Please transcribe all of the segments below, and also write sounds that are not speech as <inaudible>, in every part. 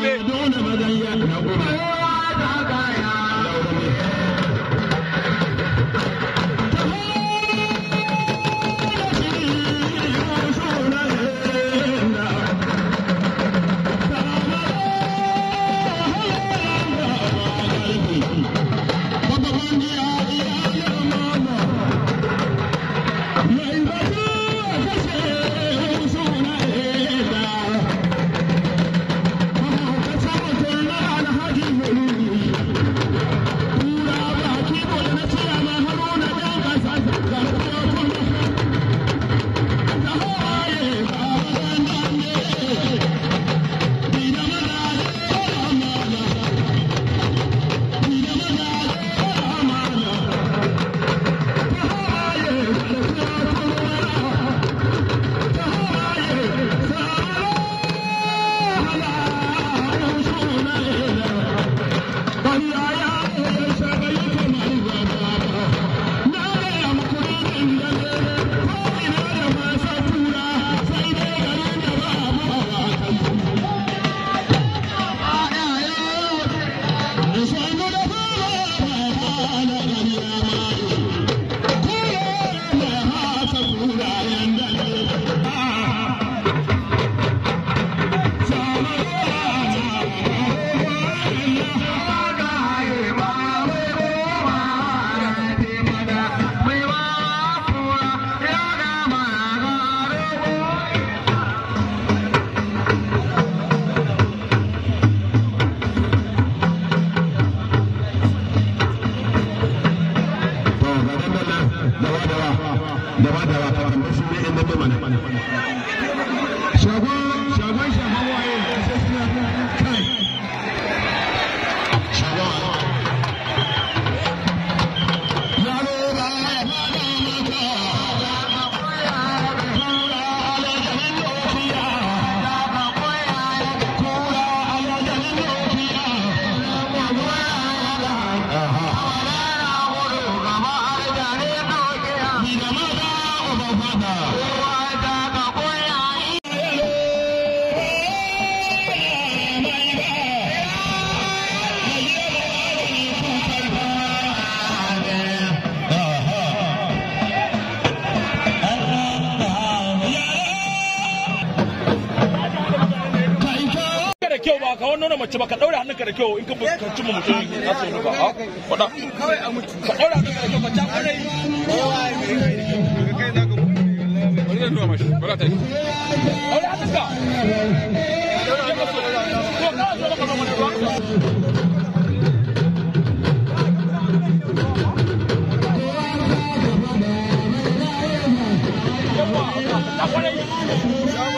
bebe. Thank you. mace ba ka daure hannunka da kyau in ka fuskanci mu mutum ka so ka ha kwada kawai a mutum ka daure hannunka da kyau ka ta kwarai wani zan nuna mashi bara ta yi daure hannunka ko ka zo ka zama da ruwa Thank you.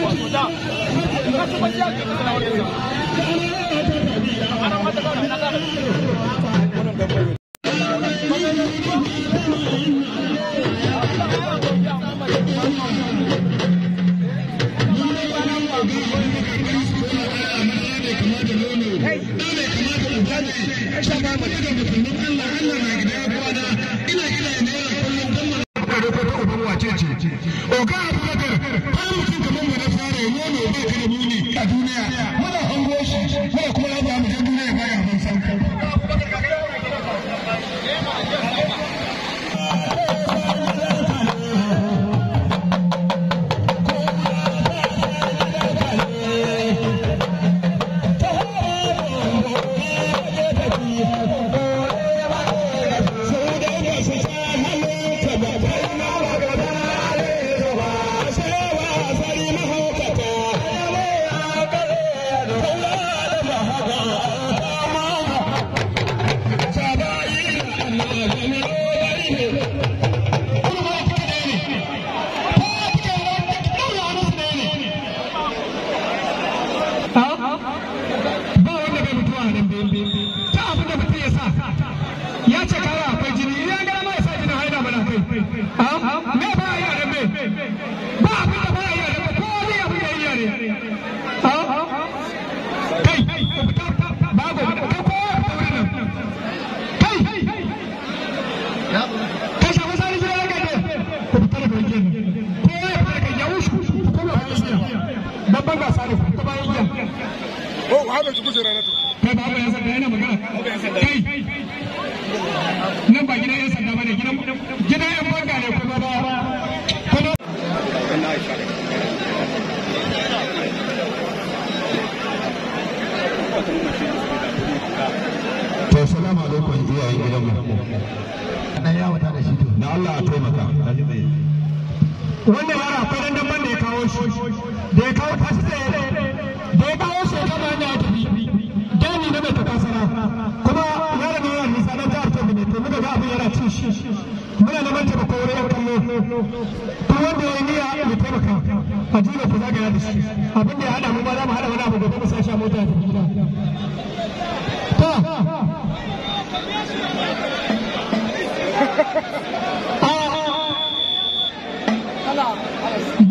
我主张，你看什么价，你 bayan mutum kamar wani fara nono ba ka da muni a duniya manta da shi to da Allah a taimaka wannan yara akwai dan da ya kawo shi da ya kawo da tsaye da ya kawo shi da ba ya tafi dani na mai ta kasara kuma yara ne yana nisa dan jihar Kebbi ne to muka ga abin yana cin shi muna neman taimako wurin yan kallo duk wanda ya niyya ya taimaka a jiya ku zagaya da shi abin da ya hada mu ba za mu hada wani abu gobe mu sashi a mota da gida <laughs> 好，啊好看到。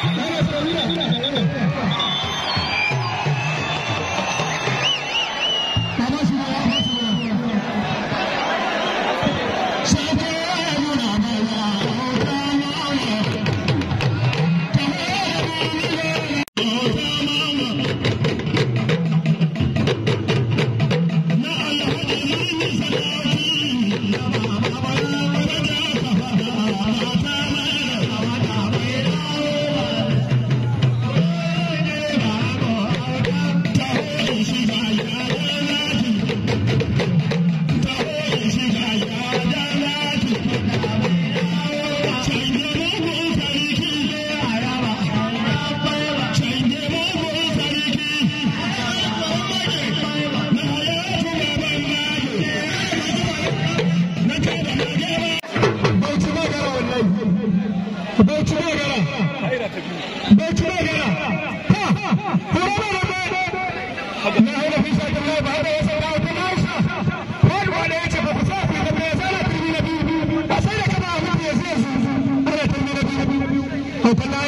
¡Vamos! Open my